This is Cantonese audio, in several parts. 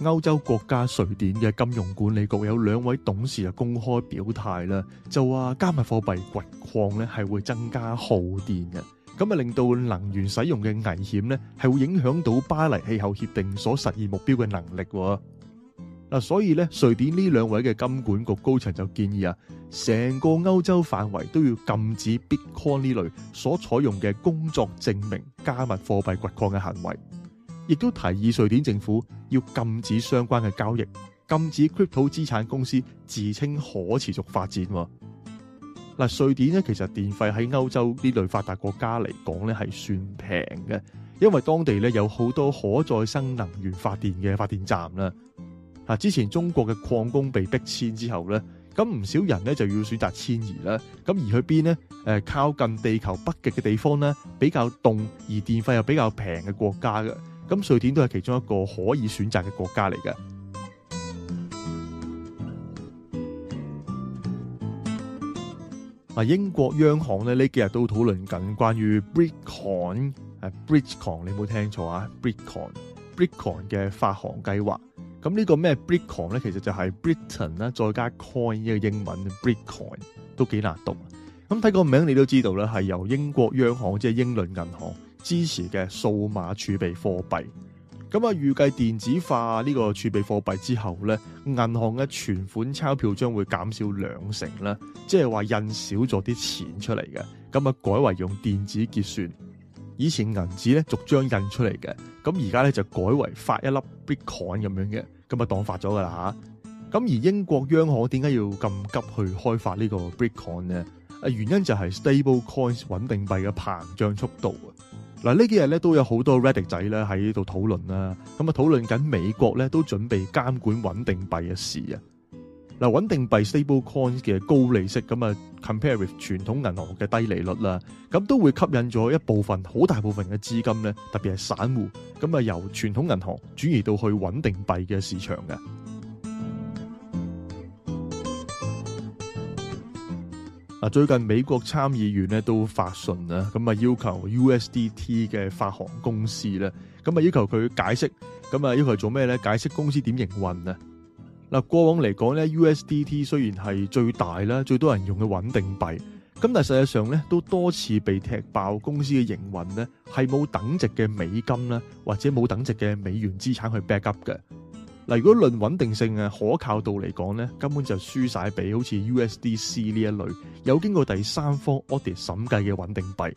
歐洲國家瑞典嘅金融管理局有兩位董事就公開表態啦，就話加密貨幣掘礦咧係會增加耗電嘅，咁啊令到能源使用嘅危險咧係會影響到巴黎氣候協定所實現目標嘅能力。嗱，所以咧，瑞典呢兩位嘅金管局高層就建議啊，成個歐洲範圍都要禁止 Bitcoin 呢類所採用嘅工作證明加密貨幣掘礦嘅行為。亦都提議瑞典政府要禁止相關嘅交易，禁止 Crypto 資產公司自稱可持續發展。嗱，瑞典咧，其實電費喺歐洲呢類發達國家嚟講咧係算平嘅，因為當地咧有好多可再生能源發電嘅發電站啦。啊，之前中國嘅礦工被逼遷之後咧，咁唔少人咧就要選擇遷移啦。咁而去邊呢？誒，靠近地球北極嘅地方咧，比較凍，而電費又比較平嘅國家嘅。咁瑞典都係其中一個可以選擇嘅國家嚟嘅。啊，英國央行咧呢幾日都討論緊關於 Britcoin，誒、啊、Britcoin 你冇聽錯啊，Britcoin，Britcoin 嘅發行計劃。咁呢個咩 Britcoin 咧？其實就係 Britain 啦，再加 coin 呢個英文，Britcoin 都幾難讀。咁睇個名你都知道啦，係由英國央行，即係英倫銀行支持嘅數碼儲備貨幣，咁、嗯、啊預計電子化呢個儲備貨幣之後呢，銀行嘅存款鈔票將會減少兩成啦，即係話印少咗啲錢出嚟嘅，咁、嗯、啊改為用電子結算。以前銀紙咧，逐張印出嚟嘅，咁而家咧，就改為發一粒 Britcoin 咁樣嘅，咁、嗯、啊、嗯、當發咗噶啦吓。咁、嗯、而英國央行點解要咁急去開發呢個 Britcoin 呢？啊、嗯、原因就係 stable coins 穩定幣嘅膨脹速度啊。嗱，呢幾日咧都有好多 Reddit 仔咧喺度討論啦，咁啊討論緊美國咧都準備監管穩定幣嘅事啊，嗱穩定幣 stable coin 嘅高利息咁啊，compare with 傳統銀行嘅低利率啦，咁都會吸引咗一部分好大部分嘅資金咧，特別係散戶，咁啊由傳統銀行轉移到去穩定幣嘅市場嘅。嗱，最近美國參議員咧都發信啦，咁啊要求 USDT 嘅發行公司咧，咁啊要求佢解釋，咁啊要求做咩咧？解釋公司點營運啊？嗱，過往嚟講咧，USDT 雖然係最大啦，最多人用嘅穩定幣，咁但係實際上咧都多次被踢爆公司嘅營運咧係冇等值嘅美金咧，或者冇等值嘅美元資產去 back up 嘅。嗱，如果論穩定性啊、可靠度嚟講咧，根本就輸晒俾好似 USDC 呢一類有經過第三方 audit 審計嘅穩定幣。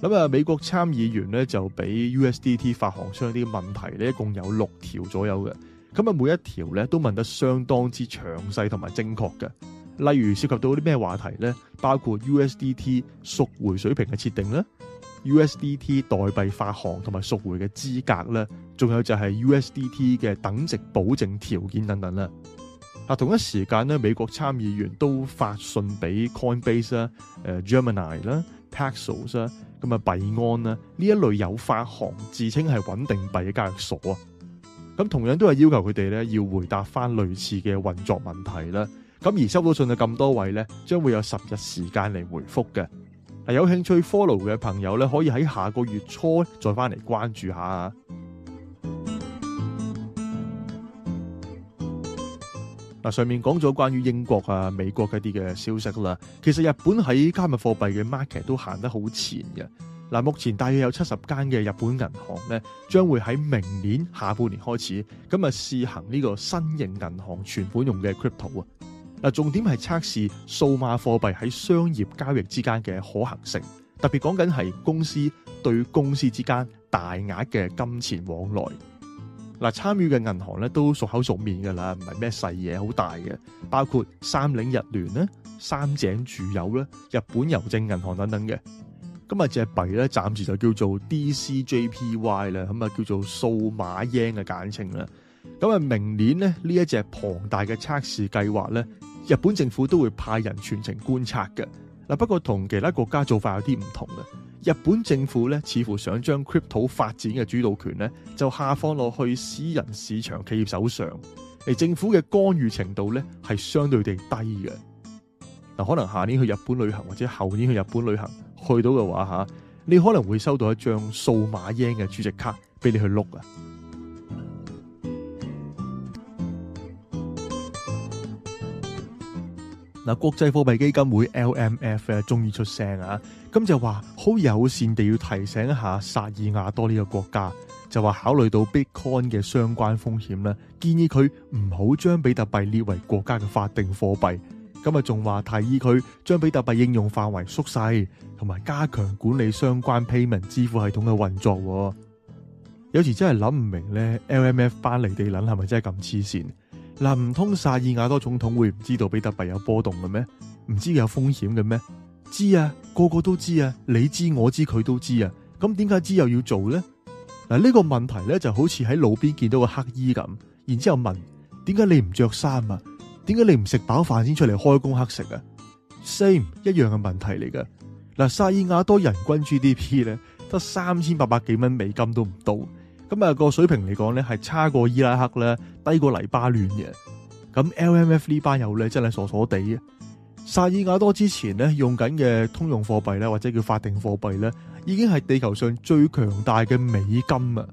咁啊， 美國參議員咧就俾 USDT 發行商啲問題咧，一共有六條左右嘅。咁啊，每一條咧都問得相當之詳細同埋精確嘅。例如涉及到啲咩話題咧，包括 USDT 贖回水平嘅設定啦、USDT 代幣發行同埋贖回嘅資格啦。仲有就係 USDT 嘅等值保證條件等等啦。啊，同一時間咧，美國參議員都發信俾 Coinbase 啦、啊、誒 Gemini 啦、啊、Paxos 啦、啊、咁啊幣安啦呢、啊、一類有發行自稱係穩定幣嘅交易所啊。咁同樣都係要求佢哋咧要回答翻類似嘅運作問題啦。咁而收到信嘅咁多位咧，將會有十日時間嚟回覆嘅。嗱，有興趣 follow 嘅朋友咧，可以喺下個月初再翻嚟關注下啊。嗱，上面講咗關於英國啊、美國嗰啲嘅消息啦，其實日本喺加密貨幣嘅 market 都行得好前嘅。嗱，目前大約有七十間嘅日本銀行咧，將會喺明年下半年開始咁啊試行呢個新型銀行存款用嘅 crypto 啊。嗱，重點係測試數碼貨幣喺商業交易之間嘅可行性，特別講緊係公司對公司之間大額嘅金錢往來。嗱，參與嘅銀行咧都熟口熟面㗎啦，唔係咩細嘢，好大嘅，包括三菱日聯咧、三井住友咧、日本郵政銀行等等嘅。咁啊，隻幣咧暫時就叫做 D C J P Y 啦，咁啊叫做數碼 yen 嘅簡稱啦。咁啊，明年呢，呢一隻龐大嘅測試計劃咧，日本政府都會派人全程觀察嘅。嗱，不過同其他國家做法有啲唔同嘅。日本政府咧似乎想將 crypto 發展嘅主導權咧就下放落去私人市場企業手上，而政府嘅干預程度咧係相對地低嘅。嗱，可能下年去日本旅行或者後年去日本旅行去到嘅話吓，你可能會收到一張數碼 yen 嘅儲值卡俾你去碌啊！嗱，國際貨幣基金會 LMF 咧，終於出聲啊！咁就話好友善地要提醒一下薩爾瓦多呢個國家，就話考慮到 Bitcoin 嘅相關風險咧，建議佢唔好將比特幣列為國家嘅法定貨幣。咁就仲話提議佢將比特幣應用範圍縮細，同埋加強管理相關 payment 支付系統嘅運作。有時真係諗唔明咧，LMF 返嚟地諗係咪真係咁黐線？嗱，唔通薩爾瓦多總統會唔知道比特幣有波動嘅咩？唔知有風險嘅咩？知啊，個個都知啊，你知我知佢都知啊。咁點解知又要做呢？嗱，呢個問題咧就好似喺路邊見到個乞衣咁，然之後問：點解你唔着衫啊？點解你唔食飽飯先出嚟開工乞食啊？Same 一樣嘅問題嚟噶。嗱，薩爾瓦多人均 GDP 咧得三千八百幾蚊美金都唔到，咁、那、啊個水平嚟講咧係差過伊拉克啦。低過黎巴嫩嘅，咁 L M F 呢班友咧真係傻傻地嘅。薩爾瓦多之前咧用緊嘅通用貨幣咧，或者叫法定貨幣咧，已經係地球上最強大嘅美金啊！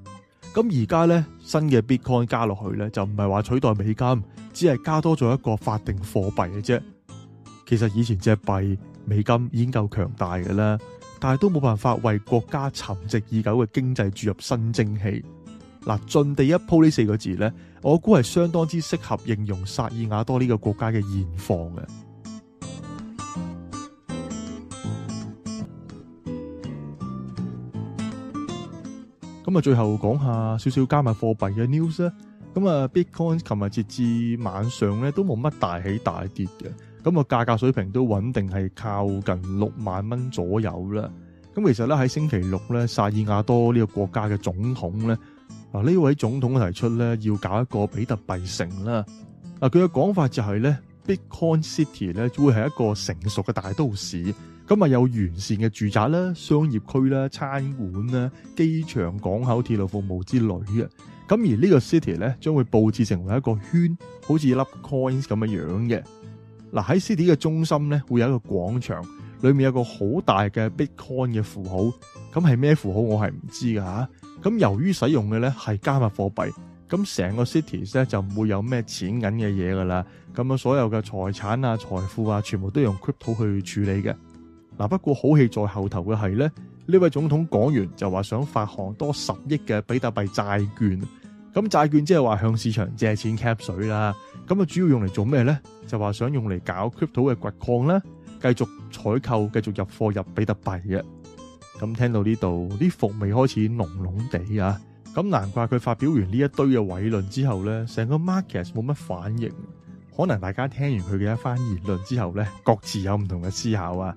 咁而家咧新嘅 Bitcoin 加落去咧，就唔係話取代美金，只係加多咗一個法定貨幣嘅啫。其實以前隻幣美金已經夠強大嘅啦，但係都冇辦法為國家沉寂已久嘅經濟注入新蒸汽。嗱，盡地一鋪呢四個字咧，我估係相當之適合形容薩爾瓦多呢個國家嘅現況嘅。咁啊， 最後講下少少加密貨幣嘅 news。咁啊，Bitcoin 琴日截至晚上咧都冇乜大起大跌嘅，咁啊，價格水平都穩定係靠近六萬蚊左右啦。咁其實咧喺星期六咧，薩爾瓦多呢個國家嘅總統咧。嗱，呢位總統提出咧，要搞一個比特幣城啦。啊，佢嘅講法就係咧，Bitcoin City 咧會係一個成熟嘅大都市，咁啊有完善嘅住宅啦、商業區啦、餐館啦、機場港口、鐵路服務之類嘅。咁而呢個 city 咧將會佈置成為一個圈，好似一粒 coins 咁嘅樣嘅。嗱，喺 city 嘅中心咧會有一個廣場。裏面有個好大嘅 Bitcoin 嘅符號，咁係咩符號我係唔知噶吓、啊。咁由於使用嘅呢係加密貨幣，咁成個 Cities 咧就唔會有咩錢銀嘅嘢噶啦。咁樣所有嘅財產啊、財富啊，全部都用 Crypto 去處理嘅。嗱，不過好戲在後頭嘅係呢，呢位總統講完就話想發行多十億嘅比特幣債券。咁債券即係話向市場借錢 cap 水啦。咁啊，主要用嚟做咩呢？就話想用嚟搞 Crypto 嘅掘礦啦。繼續採購，繼續入貨入比特幣啊！咁聽到呢度，啲伏味開始濃濃地啊！咁難怪佢發表完呢一堆嘅偉論之後呢，成個 market 冇乜反應，可能大家聽完佢嘅一番言論之後呢各自有唔同嘅思考啊！